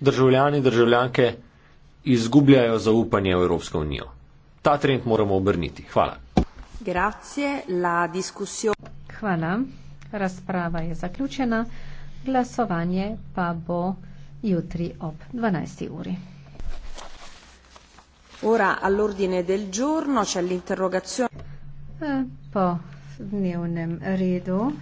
državljani in državljanke izgubljajo zaupanje v Evropsko unijo. Ta trend moramo obrniti. Hvala. Grazie la discussion. Hvala. Razprava je zaključena. Glasovanje pa bo jutri ob 12. uri. Ora all'ordine del giorno c'è l'interrogazione. Eh, po dnevnem redu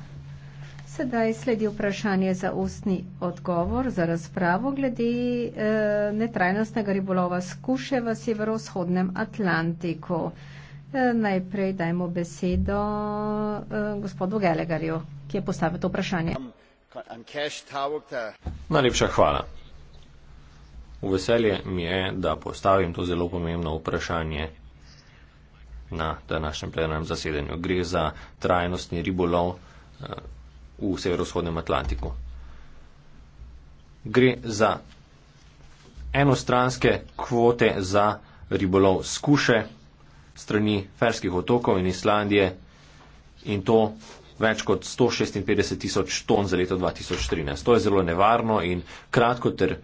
Sedaj sledi vprašanje za ustni odgovor, za razpravo glede e, netrajnostnega ribolova skuše v severovzhodnem Atlantiku. E, najprej dajmo besedo e, gospodu Gelegarju, ki je postavil to vprašanje. Najlepša hvala. V veselje mi je, da postavim to zelo pomembno vprašanje na današnjem plenarnem zasedanju. Gre za trajnostni ribolov. E, v severovzhodnem Atlantiku. Gre za enostranske kvote za ribolov skuše strani Ferskih otokov in Islandije in to več kot 156 tisoč ton za leto 2013. To je zelo nevarno in kratko ter eh,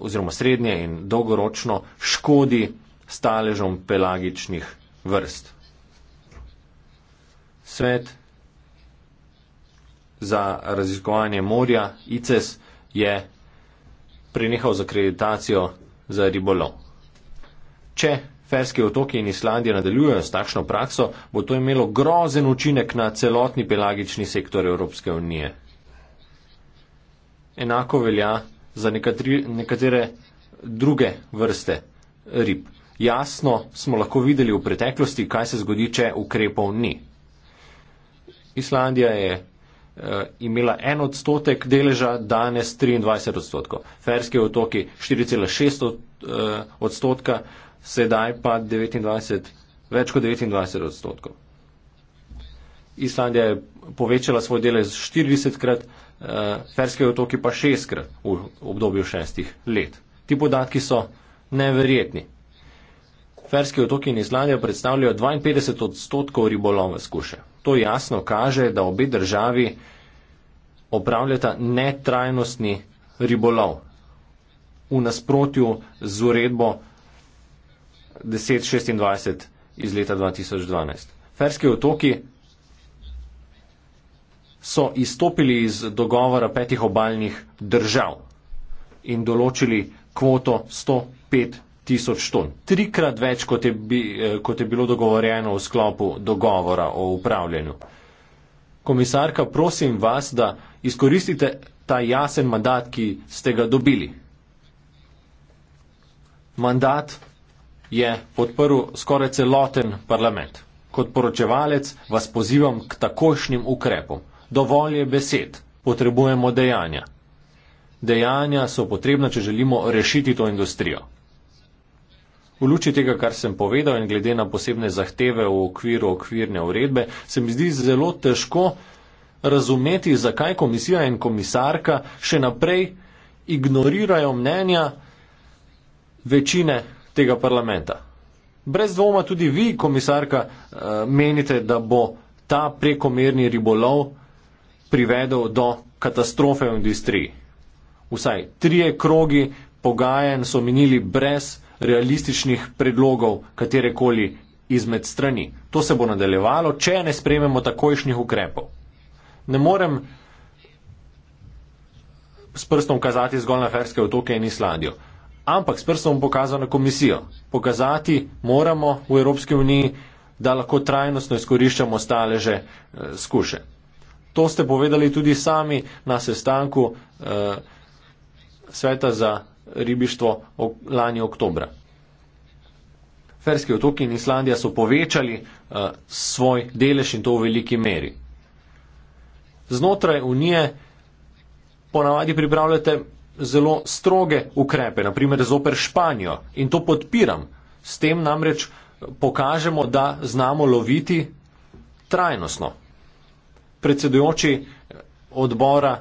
oziroma srednje in dolgoročno škodi staležom pelagičnih vrst. Svet za raziskovanje morja ICES je prenehal z akreditacijo za ribolov. Če Ferske otoke in Islandija nadaljujejo s takšno prakso, bo to imelo grozen učinek na celotni pelagični sektor Evropske unije. Enako velja za nekatri, nekatere druge vrste rib. Jasno smo lahko videli v preteklosti, kaj se zgodi, če ukrepov ni. Islandija je Eh, imela en odstotek deleža, danes 23 odstotkov. Ferske otoki 4,6 eh, odstotka, sedaj pa 29, več kot 29 odstotkov. Islandija je povečala svoj delež 40 krat, eh, Ferske otoki pa 6 krat v obdobju šestih let. Ti podatki so neverjetni. Ferske otoki in Islandija predstavljajo 52 odstotkov ribolovne skuše. To jasno kaže, da obe državi opravljata netrajnostni ribolov v nasprotju z uredbo 1026 iz leta 2012. Ferske otoki so izstopili iz dogovora petih obaljnih držav in določili kvoto 105 tisoč ton. Trikrat več, kot je, bi, eh, kot je bilo dogovorjeno v sklopu dogovora o upravljanju. Komisarka, prosim vas, da izkoristite ta jasen mandat, ki ste ga dobili. Mandat je podprl skoraj celoten parlament. Kot poročevalec vas pozivam k takošnjim ukrepom. Dovolj je besed, potrebujemo dejanja. Dejanja so potrebna, če želimo rešiti to industrijo. V luči tega, kar sem povedal in glede na posebne zahteve v okviru okvirne uredbe, se mi zdi zelo težko razumeti, zakaj komisija in komisarka še naprej ignorirajo mnenja večine tega parlamenta. Brez dvoma tudi vi, komisarka, eh, menite, da bo ta prekomerni ribolov privedel do katastrofe v industriji. Vsaj trije krogi pogajen so minili brez realističnih predlogov katerekoli izmed strani. To se bo nadaljevalo, če ne sprememo takojšnjih ukrepov. Ne morem s prstom kazati zgolj na Ferske otoke in Islandijo, ampak s prstom pokazati na komisijo. Pokazati moramo v Evropski uniji, da lahko trajnostno izkoriščamo stale že eh, skuše. To ste povedali tudi sami na sestanku eh, Sveta za ribištvo lani oktobra. Ferski otoki in Islandija so povečali uh, svoj delež in to v veliki meri. Znotraj unije ponavadi pripravljate zelo stroge ukrepe, naprimer zoper Španijo in to podpiram. S tem namreč pokažemo, da znamo loviti trajnostno. Predsedujoči odbora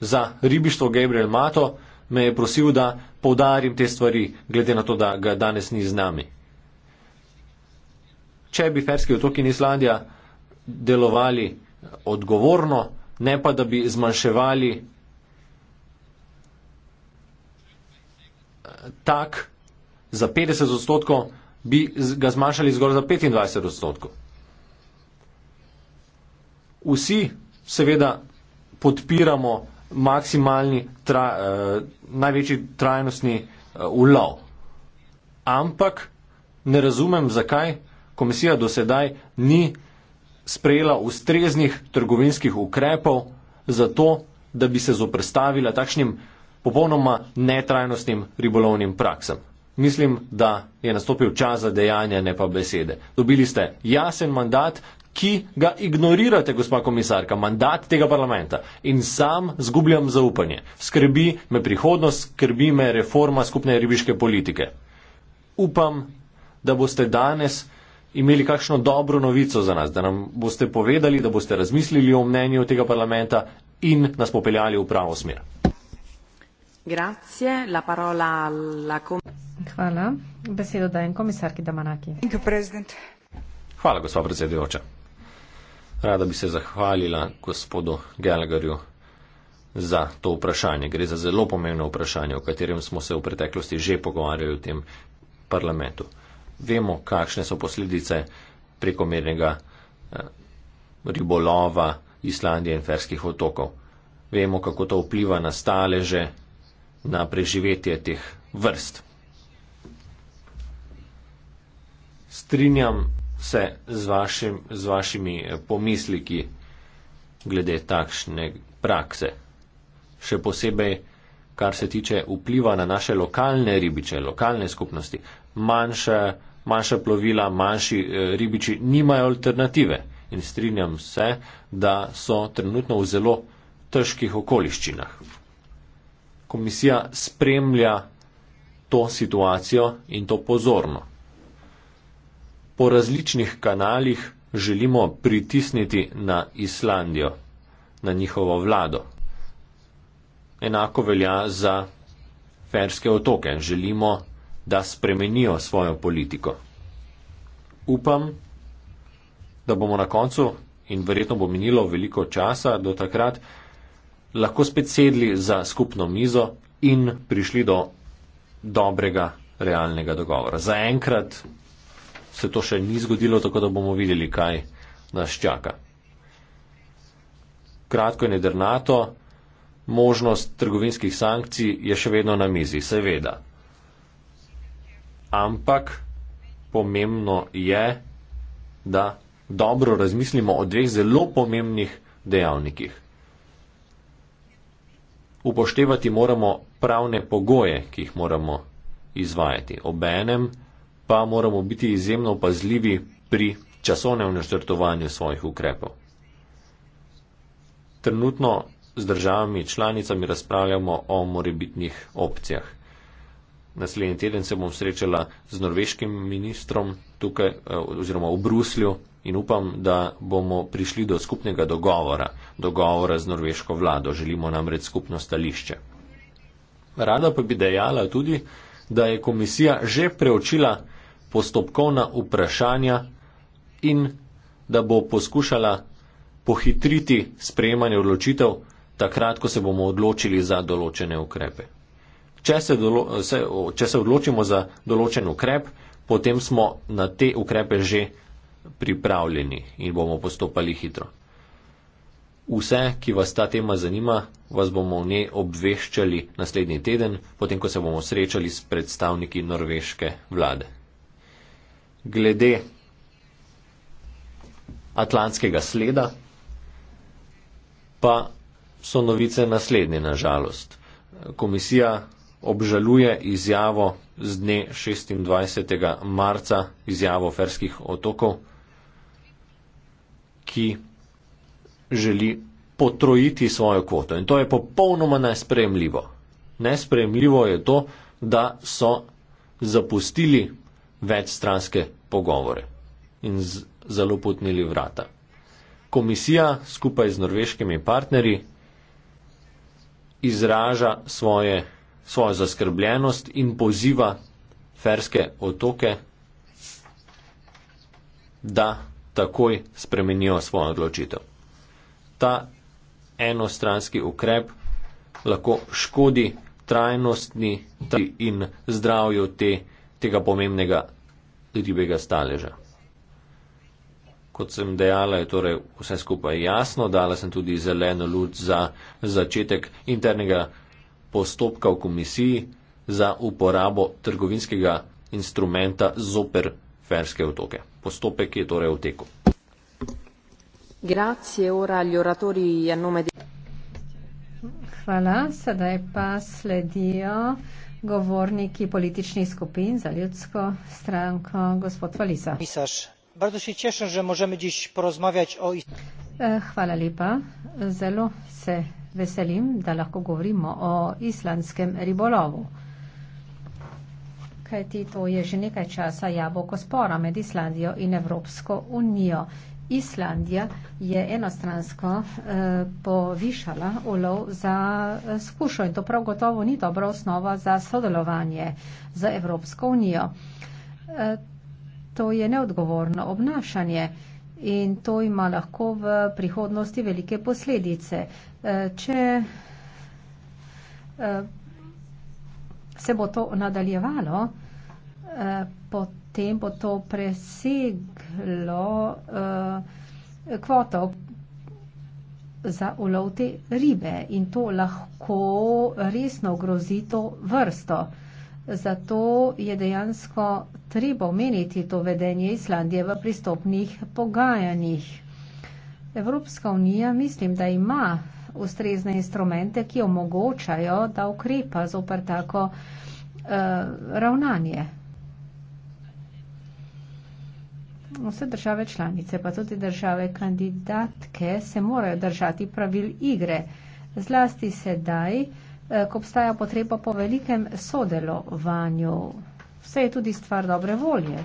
za ribištvo Gabriel Mato me je prosil, da povdarim te stvari, glede na to, da ga danes ni z nami. Če bi Ferski otoki in Islandija delovali odgovorno, ne pa da bi zmanjševali eh, tak za 50 odstotkov, bi ga zmanjšali zgolj za 25 odstotkov. Vsi seveda podpiramo maksimalni, tra, eh, največji trajnostni eh, ulov. Ampak ne razumem, zakaj komisija do sedaj ni sprejela ustreznih trgovinskih ukrepov za to, da bi se zoprstavila takšnim popolnoma netrajnostnim ribolovnim praksam. Mislim, da je nastopil čas za dejanja, ne pa besede. Dobili ste jasen mandat, ki ga ignorirate, gospa komisarka, mandat tega parlamenta. In sam zgubljam zaupanje. Skrbi me prihodnost, skrbi me reforma skupne ribiške politike. Upam, da boste danes imeli kakšno dobro novico za nas, da nam boste povedali, da boste razmislili o mnenju tega parlamenta in nas popeljali v pravo smer. Grazie, la parola alla com- Hvala. Besedo dajem komisarki Damanaki. Hvala, gospod predsedujoča. Rada bi se zahvalila gospodu Gelgarju za to vprašanje. Gre za zelo pomembno vprašanje, o katerem smo se v preteklosti že pogovarjali v tem parlamentu. Vemo, kakšne so posledice prekomernega eh, ribolova Islandije in Ferskih otokov. Vemo, kako to vpliva na staleže, na preživetje teh vrst. Strinjam se z, vašim, z vašimi eh, pomisliki glede takšne prakse. Še posebej, kar se tiče vpliva na naše lokalne ribiče, lokalne skupnosti. Manjše, manjše plovila, manjši eh, ribiči nimajo alternative. In strinjam se, da so trenutno v zelo težkih okoliščinah. Komisija spremlja to situacijo in to pozorno po različnih kanalih želimo pritisniti na Islandijo, na njihovo vlado. Enako velja za Ferske otoke. Želimo, da spremenijo svojo politiko. Upam, da bomo na koncu, in verjetno bo minilo veliko časa do takrat, lahko spet sedli za skupno mizo in prišli do dobrega, realnega dogovora. Za enkrat se to še ni zgodilo, tako da bomo videli, kaj nas čaka. Kratko in jedrnato, možnost trgovinskih sankcij je še vedno na mizi, seveda. Ampak pomembno je, da dobro razmislimo o dveh zelo pomembnih dejavnikih. Upoštevati moramo pravne pogoje, ki jih moramo izvajati. Obenem, pa moramo biti izjemno pazljivi pri časovnem naštrtovanju svojih ukrepov. Trenutno z državami članicami razpravljamo o morebitnih opcijah. Naslednji teden se bom srečala z norveškim ministrom tukaj eh, oziroma v Bruslju in upam, da bomo prišli do skupnega dogovora, dogovora z norveško vlado. Želimo namreč skupno stališče. Rada pa bi dejala tudi, da je komisija že preučila postopkovna vprašanja in da bo poskušala pohitriti sprejemanje odločitev takrat, ko se bomo odločili za določene ukrepe. Če se, dolo, se, če se odločimo za določen ukrep, potem smo na te ukrepe že pripravljeni in bomo postopali hitro. Vse, ki vas ta tema zanima, vas bomo v nje obveščali naslednji teden, potem ko se bomo srečali s predstavniki norveške vlade glede atlantskega sleda, pa so novice naslednje, nažalost. Komisija obžaluje izjavo z dne 26. marca, izjavo ferskih otokov, ki želi potrojiti svojo kvoto. In to je popolnoma nespremljivo. Nespremljivo je to, da so zapustili večstranske pogovore in zelo potnili vrata. Komisija skupaj z norveškimi partnerji izraža svoje, svojo zaskrbljenost in poziva Ferske otoke, da takoj spremenijo svojo odločitev. Ta enostranski ukrep lahko škodi trajnostni in zdravju te, tega pomembnega ribjega staleža. Kot sem dejala, je torej vse skupaj jasno, dala sem tudi zeleno luč za začetek internega postopka v komisiji za uporabo trgovinskega instrumenta zoper Ferske otoke. Postopek je torej v teku. Hvala, sedaj pa sledijo govorniki političnih skupin za ljudsko stranko, gospod Valisa. Eh, hvala lepa. Zelo se veselim, da lahko govorimo o islandskem ribolovu. Kajti to je že nekaj časa jaboko spora med Islandijo in Evropsko unijo. Islandija je enostransko eh, povišala ulov za eh, skušo in to prav gotovo ni dobra osnova za sodelovanje z Evropsko unijo. Eh, to je neodgovorno obnašanje in to ima lahko v prihodnosti velike posledice. Če se bo to nadaljevalo, potem potem bo to preseglo uh, kvoto za ulov te ribe in to lahko resno ogrozi to vrsto. Zato je dejansko treba omeniti to vedenje Islandije v pristopnih pogajanjih. Evropska unija mislim, da ima ustrezne instrumente, ki omogočajo, da ukrepa zoper tako uh, ravnanje. vse države članice, pa tudi države kandidatke, se morajo držati pravil igre, zlasti sedaj, eh, ko obstaja potreba po velikem sodelovanju. Vse je tudi stvar dobre volje.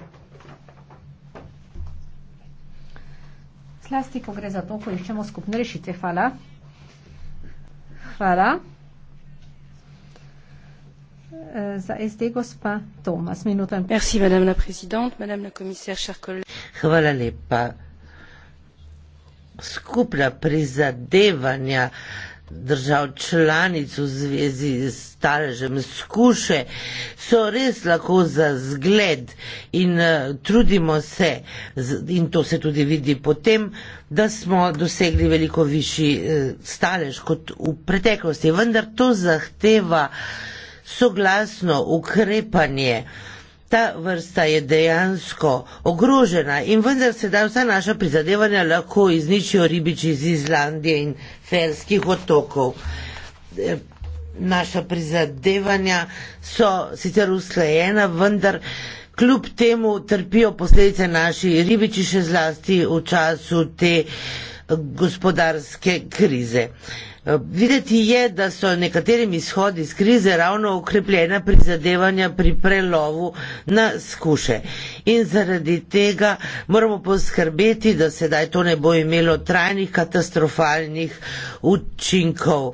Zlasti, ko gre za to, ko iščemo skupne rešitve. Hvala. Hvala. Eh, za SD gospa Tomas, minuto in pol. Hvala lepa. Skupna prizadevanja držav članic v zvezi s staležem skuše so res lahko za zgled in uh, trudimo se, in to se tudi vidi potem, da smo dosegli veliko višji uh, stalež kot v preteklosti. Vendar to zahteva soglasno ukrepanje. Uh, Ta vrsta je dejansko ogrožena in vendar se da vsa naša prizadevanja lahko izničijo ribiči iz Izlandije in Ferskih otokov. E, naša prizadevanja so sicer usklajena, vendar kljub temu trpijo posledice naši ribiči še zlasti v času te gospodarske krize. Eh, videti je, da so nekaterim izhodi iz krize ravno ukrepljena prizadevanja pri prelovu na skuše. In zaradi tega moramo poskrbeti, da sedaj to ne bo imelo trajnih katastrofalnih učinkov.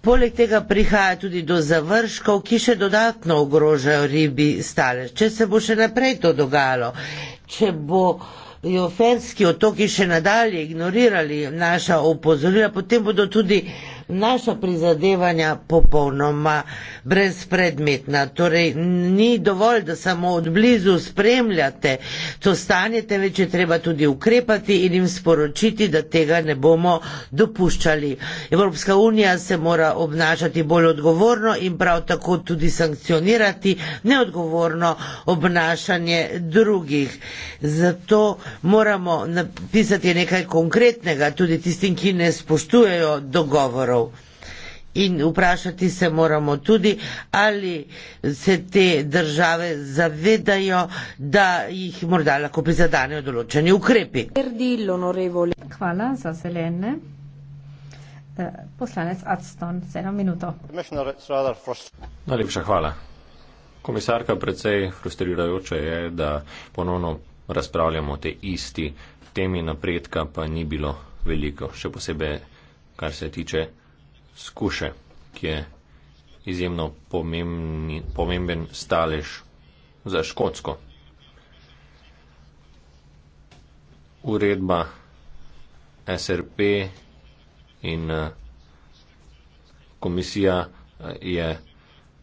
Poleg tega prihaja tudi do završkov, ki še dodatno ogrožajo ribi stale. Če se bo še naprej to dogajalo, če bo bodo Ferski otoki še nadalje ignorirali naša opozorila, potem bodo tudi naša prizadevanja popolnoma uh, brezpredmetna. Torej, ni dovolj, da samo od blizu spremljate to stanje, temveč je treba tudi ukrepati in jim sporočiti, da tega ne bomo dopuščali. Evropska unija se mora obnašati bolj odgovorno in prav tako tudi sankcionirati neodgovorno obnašanje drugih. Zato moramo napisati nekaj konkretnega tudi tistim, ki ne spoštujejo dogovorov in vprašati se moramo tudi, ali se te države zavedajo, da jih morda lahko prizadanejo določeni ukrepi. Hvala za zelene. Eh, poslanec Adston, sedem minut. Najlepša hvala. Komisarka, predvsej frustrirajoče je, da ponovno razpravljamo o tej isti temi napredka, pa ni bilo veliko, še posebej kar se tiče skuše, ki je izjemno pomembni, pomemben stalež za Škotsko. Uredba SRP in eh, komisija eh, je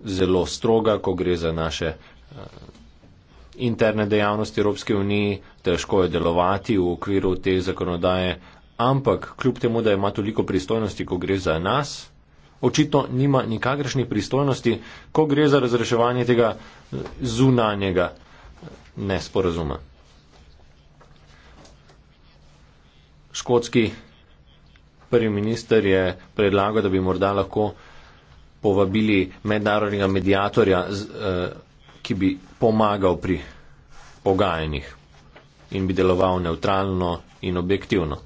zelo stroga, ko gre za naše eh, interne dejavnosti Evropske unije. Težko je delovati v okviru te zakonodaje ampak kljub temu, da ima toliko pristojnosti, ko gre za nas, očitno nima nikakršnih pristojnosti, ko gre za razreševanje tega zunanjega nesporazuma. Škotski prvi minister je predlagal, da bi morda lahko povabili mednarodnega medijatorja, eh, ki bi pomagal pri pogajanjih in bi deloval neutralno in objektivno.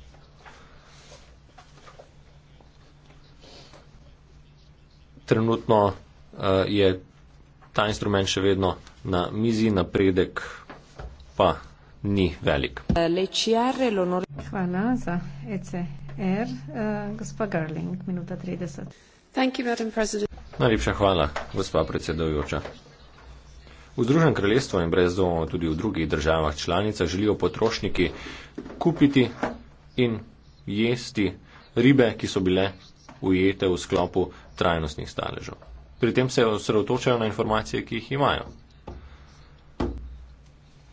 trenutno uh, je ta instrument še vedno na mizi, napredek pa ni velik. E hvala za ECR. Uh, eh, gospa Garling, minuta 30. Thank you, Madam President. Najlepša hvala, gospa predsedujoča. V Združenem kraljestvu in brez dvoma tudi v drugih državah članicah želijo potrošniki kupiti in jesti ribe, ki so bile ujete v sklopu trajnostnih staležev. Pri tem se osredotočajo na informacije, ki jih imajo.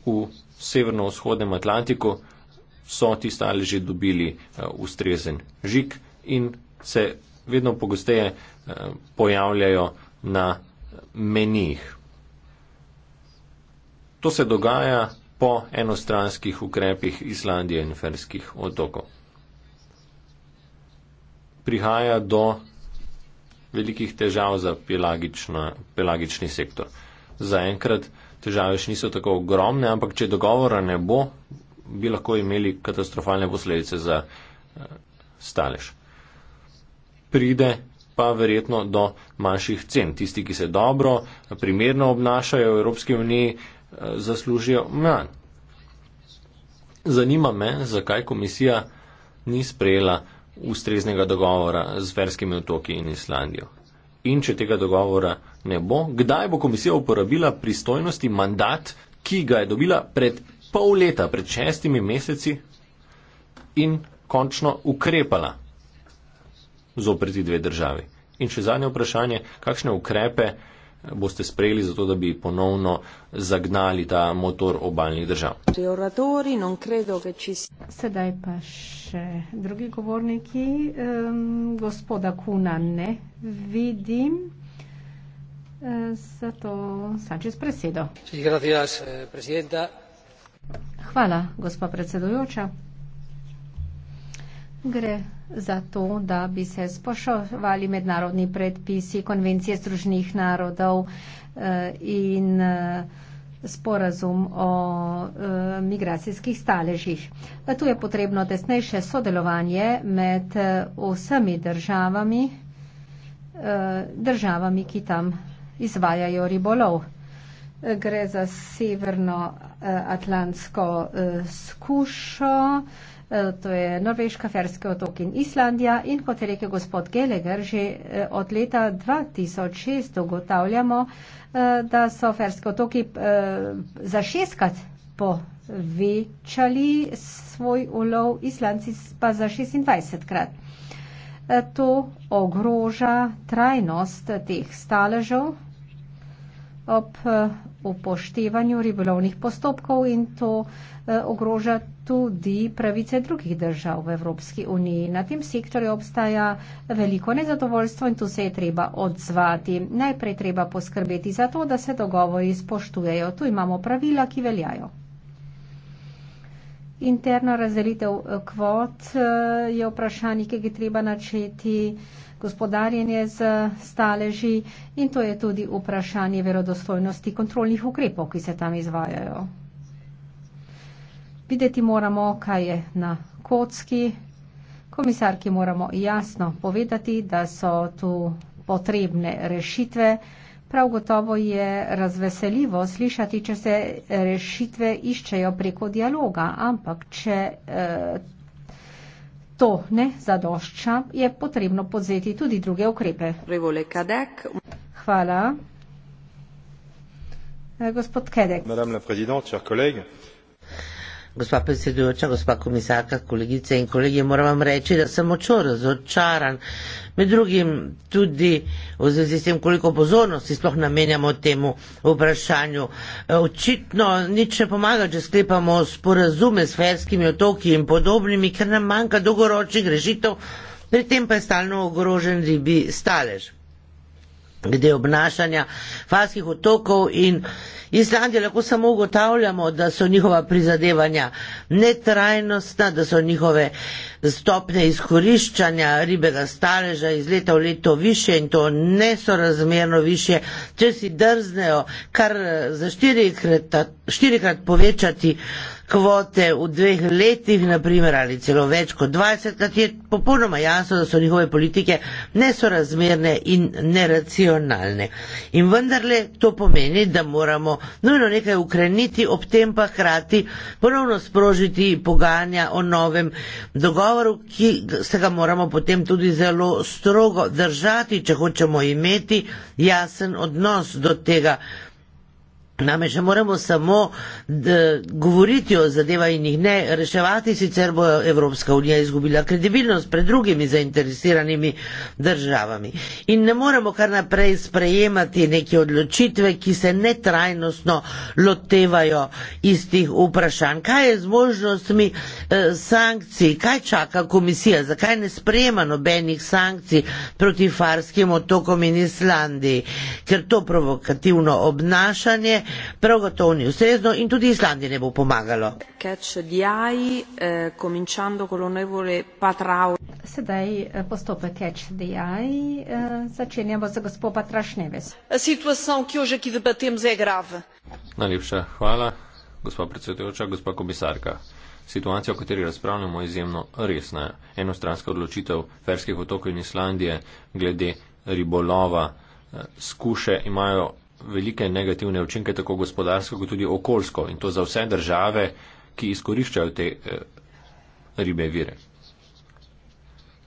V severno-vzhodnem Atlantiku so ti staleži dobili eh, ustrezen žik in se vedno pogosteje eh, pojavljajo na menijih. To se dogaja po enostranskih ukrepih Islandije in Ferskih otokov. Prihaja do velikih težav za pelagični sektor. Zaenkrat težave še niso tako ogromne, ampak če dogovora ne bo, bi lahko imeli katastrofalne posledice za eh, stalež. Pride pa verjetno do manjših cen. Tisti, ki se dobro, primerno obnašajo v Evropski uniji, eh, zaslužijo manj. Zanima me, zakaj komisija ni sprejela ustreznega dogovora z verskimi otoki in Islandijo. In če tega dogovora ne bo, kdaj bo komisija uporabila pristojnosti, mandat, ki ga je dobila pred pol leta, pred šestimi meseci in končno ukrepala zoprti dve državi. In še zadnje vprašanje, kakšne ukrepe boste sprejeli, zato da bi ponovno zagnali ta motor obaljnih držav. Sedaj pa še drugi govorniki. Gospoda Kuna ne vidim. E, zato Sančes presedo. Eh, Hvala, gospa predsedujoča. Gre za to, da bi se spoštovali mednarodni predpisi, konvencije združnih narodov eh, in eh, sporazum o eh, migracijskih staležih. Tu je potrebno tesnejše sodelovanje med vsemi državami, državami, ki tam izvajajo ribolov. Gre za severnoatlantsko skušo, Eh, to je Norveška, Ferske otoki in Islandija in kot je rekel gospod Geleger, že eh, od leta 2006 ugotavljamo, eh, da so Ferske otoki za šestkrat povečali svoj ulov, Islandci pa za 26 krat. To ogroža trajnost teh staležev ob upoštevanju ribolovnih postopkov in to ogroža tudi pravice drugih držav v Evropski uniji. Na tem sektorju obstaja veliko nezadovoljstvo in tu se je treba odzvati. Najprej treba poskrbeti za to, da se dogovori spoštujejo. Tu imamo pravila, ki veljajo. Interna razdelitev eh, kvot eh, je vprašanje, ki ga treba načeti gospodarjenje z staleži in to je tudi vprašanje verodostojnosti kontrolnih ukrepov, ki se tam izvajajo. Videti moramo, kaj je na kocki. Komisarki moramo jasno povedati, da so tu potrebne rešitve. Prav gotovo je razveseljivo slišati, če se rešitve iščejo preko dialoga, ampak če eh, to ne zadošča, je potrebno podzeti tudi druge ukrepe. Hvala. Eh, gospod Kedek. Gospa predsedujoča, gospa komisarka, kolegice in kolegi, moram vam reči, da sem močno razočaran. Med drugim tudi v zvezi s tem, koliko pozornosti sploh namenjamo temu vprašanju. E, očitno nič ne pomaga, če sklepamo sporazume s ferskimi otoki in podobnimi, ker nam manjka dolgoročnih rešitev, pri tem pa je stalno ogrožen ribi stalež glede obnašanja falskih otokov in Islandije lahko samo ugotavljamo, da so njihova prizadevanja netrajnostna, da so njihove stopne izkoriščanja ribega staleža iz leta v leto više in to nesorazmerno više, če si drznejo kar za štirikrat, štirikrat povečati uh, kvote v dveh letih, naprimer, ali celo več kot 20, kad je popolnoma jasno, da so njihove politike nesorazmerne in neracionalne. In vendarle to pomeni, da moramo nujno nekaj ukreniti, ob tem pa hkrati ponovno sprožiti pogajanja o novem dogovoru, ki se ga moramo potem tudi zelo strogo držati, če hočemo imeti jasen odnos do tega Namreč moramo samo govoriti o zadevah in jih ne reševati, sicer bo Evropska unija izgubila kredibilnost pred drugimi zainteresiranimi državami. In ne moremo kar naprej sprejemati neke odločitve, ki se netrajnostno lotevajo istih vprašanj. Kaj je z možnostmi eh, sankcij? Kaj čaka komisija? Zakaj ne sprejema nobenih sankcij proti farskim otokom in Islandiji? Ker to provokativno obnašanje prav gotovo ni ustrezno in tudi Islandiji ne bo pomagalo. Eh, Sedaj eh, postopek Catch the Eye eh, začenjamo za gospod Patraš Neves. Najlepša hvala, gospod predsedujoča, gospod komisarka. Situacija, o kateri razpravljamo, je izjemno resna. Enostranska odločitev ferskih otokov in Islandije glede ribolova skuše imajo velike negativne učinke, tako gospodarsko, kot tudi okoljsko in to za vse države, ki izkoriščajo te eh, ribe vire.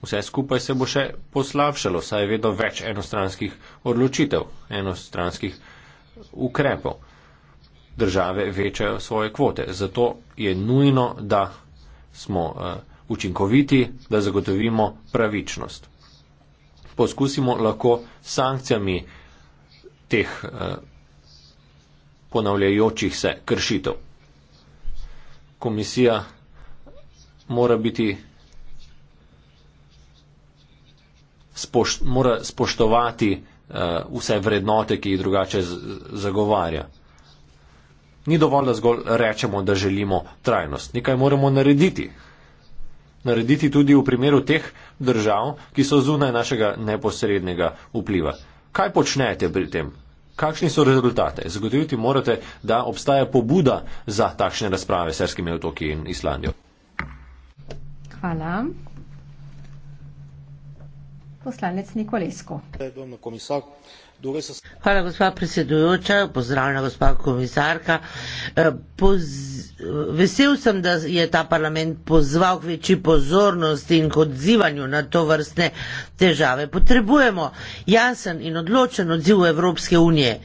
Vse skupaj se bo še poslavšalo, saj je vedno več enostranskih odločitev, enostranskih ukrepov. Države večajo svoje kvote. Zato je nujno, da smo eh, učinkoviti, da zagotovimo pravičnost. Poskusimo lahko sankcijami, teh eh, ponavljajočih se kršitev. Komisija mora biti mora spoštovati uh, vse vrednote, ki jih drugače zagovarja. Ni dovolj, da zgolj rečemo, da želimo trajnost. Nekaj moramo narediti. Narediti tudi v primeru teh držav, ki so zunaj našega neposrednega vpliva kaj počnete pri tem? Kakšni so rezultate? Zagotoviti morate, da obstaja pobuda za takšne razprave s srskimi otoki in Islandijo. Hvala poslanec Nikolesko. Hvala, gospa predsedujoča, pozdravljena gospa komisarka. E, vesel sem, da je ta parlament pozval k večji pozornosti in k odzivanju na to vrstne težave. Potrebujemo jasen in odločen odziv Evropske unije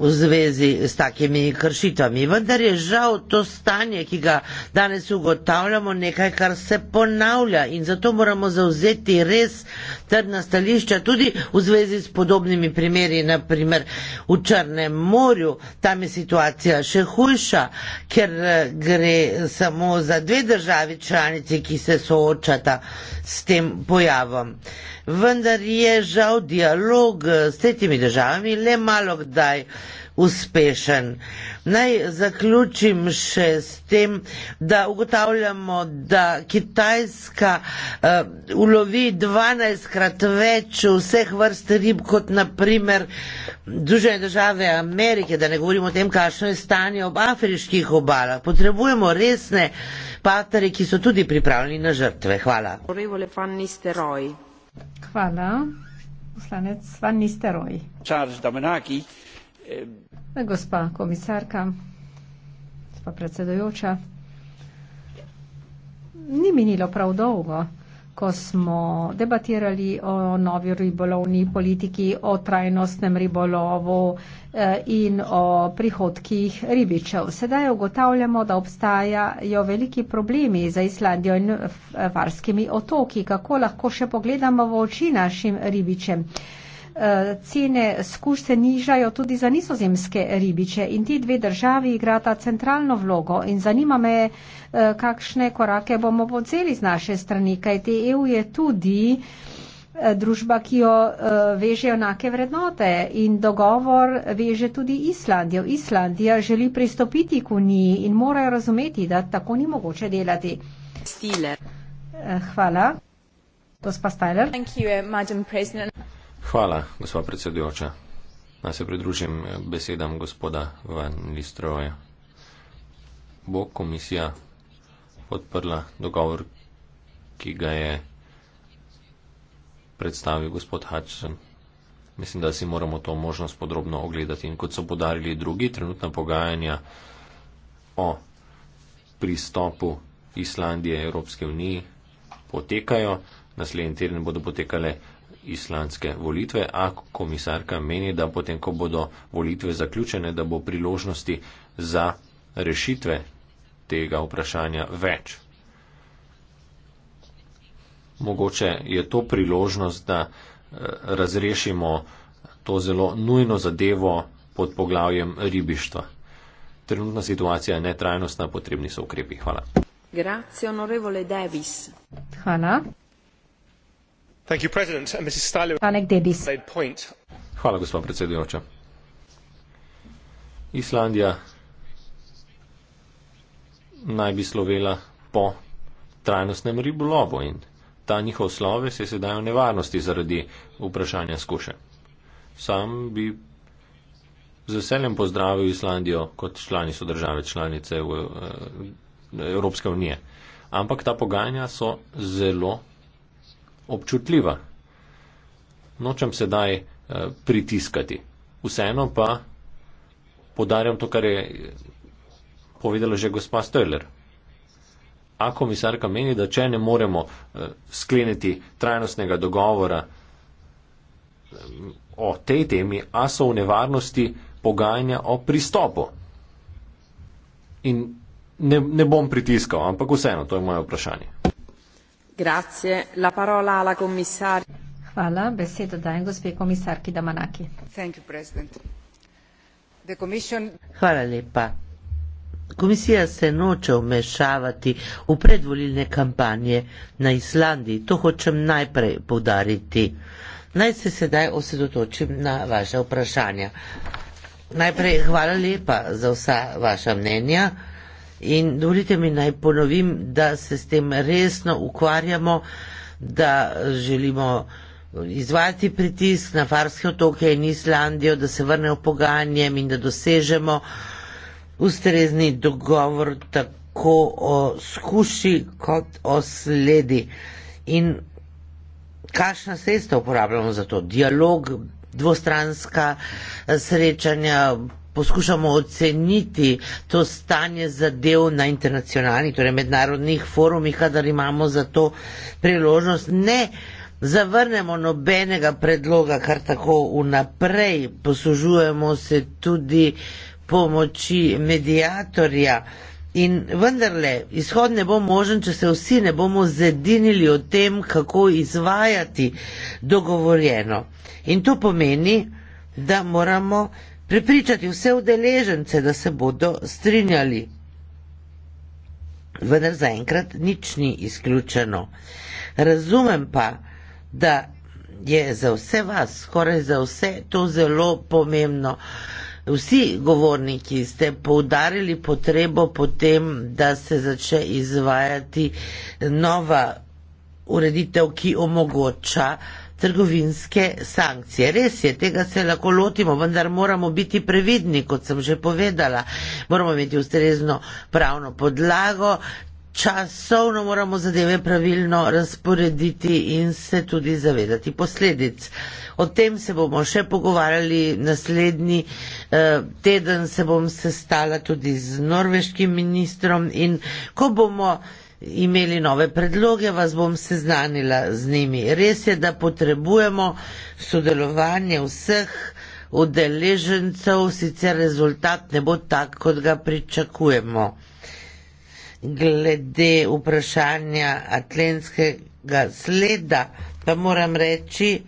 v zvezi s takimi kršitvami. Vendar je žal to stanje, ki ga danes ugotavljamo, nekaj, kar se ponavlja in zato moramo zauzeti res trdna stališča tudi v zvezi s podobnimi primeri, naprimer v Črnem morju. Tam je situacija še hujša, ker eh, gre samo za dve državi članici, ki se soočata s tem pojavom vendar je žal dialog eh, s tretjimi državami le malo kdaj uspešen. Naj zaključim še s tem, da ugotavljamo, da Kitajska uh, ulovi 12 krat več vseh vrst rib kot naprimer Združene države Amerike, da ne govorimo o tem, kakšno je stanje ob afriških obalah. Potrebujemo resne patere, ki so tudi pripravljeni na žrtve. Hvala. Hvala. Poslanec Van Nisteroj. Čarž Damenaki. Eh, gospa komisarka, gospa predsedojoča. Ni minilo prav dolgo, ko smo debatirali o novi ribolovni politiki, o trajnostnem ribolovu, Eh, in o prihodkih ribičev. Sedaj ugotavljamo, da obstajajo veliki problemi za Islandijo in eh, varskimi otoki. Kako lahko še pogledamo v oči našim ribičem? Eh, cene skuš se nižajo tudi za nizozemske ribiče in ti dve državi igrata centralno vlogo in zanima me, kakšne korake bomo podzeli z naše strani, kajti EU je tudi uh, Eh, družba, ki jo eh, veže enake vrednote in dogovor veže tudi Islandijo. Islandija želi pristopiti k uniji in morajo razumeti, da tako ni mogoče delati. Stile. Eh, hvala. Gospa Steiler. Hvala, gospa predsedujoča. Naj se pridružim besedam gospoda Van Listroja. Bo komisija podprla dogovor, ki ga je predstavil gospod Hudson. Mislim, da si moramo to možnost podrobno ogledati in kot so podarili drugi, trenutna pogajanja o pristopu Islandije Evropske unije potekajo. Naslednji teden bodo potekale islandske volitve, a komisarka meni, da potem, ko bodo volitve zaključene, da bo priložnosti za rešitve tega vprašanja več mogoče je to priložnost, da eh, razrešimo to zelo nujno zadevo pod poglavjem ribištva. Trenutna situacija je netrajnostna, potrebni so ukrepi. Hvala. Hvala. Hvala, gospod predsedujoča. Islandija naj bi slovela po trajnostnem ribolovu in ta njihov sloves je sedaj v nevarnosti zaradi vprašanja skuše. Sam bi z veseljem pozdravil Islandijo kot člani so države članice v, eh, Evropske unije. Ampak ta pogajanja so zelo občutljiva. Nočem sedaj eh, pritiskati. Vseeno pa podarjam to, kar je povedala že gospa Stöler. A komisarka meni, da če ne moremo eh, skleniti trajnostnega dogovora eh, o tej temi, a so v nevarnosti pogajanja o pristopu. In ne, ne bom pritiskal, ampak vseeno, to je moje vprašanje. Grazie. La parola alla commissar. Hvala. Besedo dajem gospe komisarki Damanaki. Hvala lepa. Komisija se noče vmešavati v predvolilne kampanje na Islandiji. To hočem najprej povdariti. Naj se sedaj osredotočim na vaše vprašanja. Najprej hvala lepa za vsa vaša mnenja in dovolite mi naj ponovim, da se s tem resno ukvarjamo, da želimo izvajati pritisk na Farske otoke in Islandijo, da se vrnejo pogajanjem in da dosežemo ustrezni dogovor tako o skuši kot o sledi. In kakšna sredstva uporabljamo za to? Dialog, dvostranska srečanja, poskušamo oceniti to stanje zadev na internacionalnih, torej mednarodnih forumih, kadar imamo za to priložnost. Ne zavrnemo nobenega predloga, kar tako vnaprej poslužujemo se tudi uh, pomoči medijatorja. In vendarle, izhod ne bo možen, če se vsi ne bomo zedinili o tem, kako izvajati dogovorjeno. In to pomeni, da moramo prepričati vse udeležence, da se bodo strinjali. Vendar zaenkrat nič ni izključeno. Razumem pa, da je za vse vas, skoraj za vse, to zelo pomembno. Uh, vsi govorniki ste poudarili potrebo potem, da se začne izvajati nova ureditev, ki omogoča trgovinske sankcije. Res je, tega se lahko lotimo, vendar moramo biti previdni, kot sem že povedala. Moramo imeti ustrezno pravno podlago, časovno moramo zadeve pravilno razporediti in se tudi zavedati posledic. O tem se bomo še pogovarjali naslednji eh, teden, se bom sestala tudi z norveškim ministrom in ko bomo imeli nove predloge, vas bom seznanila z njimi. Res je, da potrebujemo sodelovanje vseh udeležencev, sicer rezultat ne bo tak, kot ga pričakujemo. Eh, glede vprašanja atlenskega sleda, pa moram reči,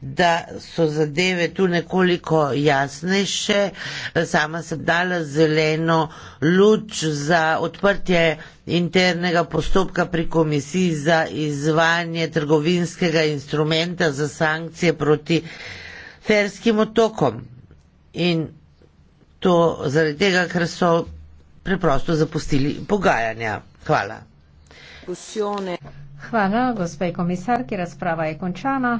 da so zadeve tu nekoliko jasnejše. Sama sem dala zeleno luč za odprtje internega postopka pri komisiji za izvanje trgovinskega instrumenta za sankcije proti ferskim otokom. In to zaradi tega, ker so preprosto zapustili pogajanja. Hvala. Hvala, gospej komisarki, razprava je končana.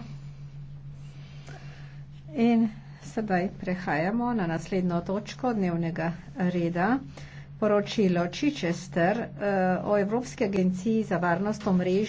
In sedaj prehajamo na naslednjo točko dnevnega reda. Poročilo Čičester eh, o Evropski agenciji za varnost omrežja.